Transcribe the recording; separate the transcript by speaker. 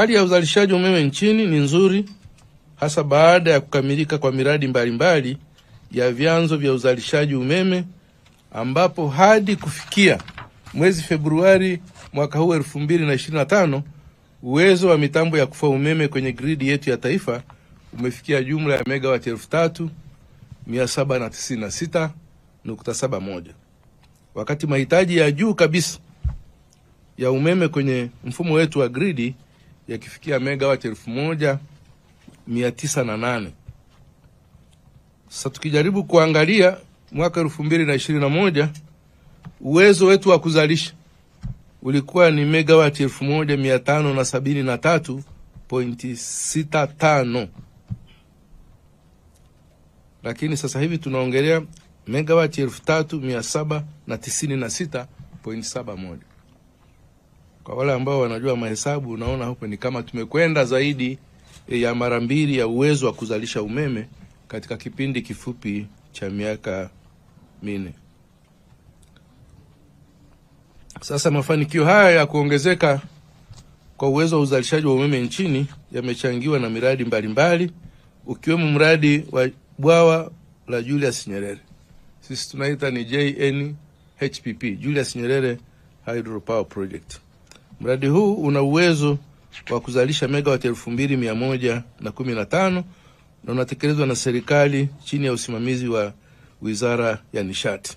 Speaker 1: Hali ya uzalishaji umeme nchini ni nzuri hasa baada ya kukamilika kwa miradi mbalimbali mbali ya vyanzo vya uzalishaji umeme ambapo hadi kufikia mwezi Februari mwaka huu tano uwezo wa mitambo ya kufua umeme kwenye gridi yetu ya taifa umefikia jumla ya megawati 3796.71 wakati mahitaji ya juu kabisa ya umeme kwenye mfumo wetu wa gridi yakifikia megawati elfu moja mia tisa na nane. Sasa tukijaribu kuangalia mwaka elfu mbili na ishirini na moja uwezo wetu wa kuzalisha ulikuwa ni megawati elfu moja mia tano na sabini na tatu pointi sita tano lakini sasa hivi tunaongelea megawati elfu tatu mia saba na tisini na sita pointi saba moja. Kwa wale ambao wanajua mahesabu, unaona hapo ni kama tumekwenda zaidi eh, ya mara mbili ya uwezo wa kuzalisha umeme katika kipindi kifupi cha miaka minne. Sasa mafanikio haya ya kuongezeka kwa uwezo wa uzalishaji wa umeme nchini yamechangiwa na miradi mbalimbali mbali, ukiwemo mradi wa bwawa la Julius Nyerere, sisi tunaita ni JNHPP, Julius Nyerere Hydropower Project. Mradi huu una uwezo wa kuzalisha megawati elfu mbili mia moja na kumi na tano na unatekelezwa na serikali chini ya usimamizi wa Wizara ya Nishati.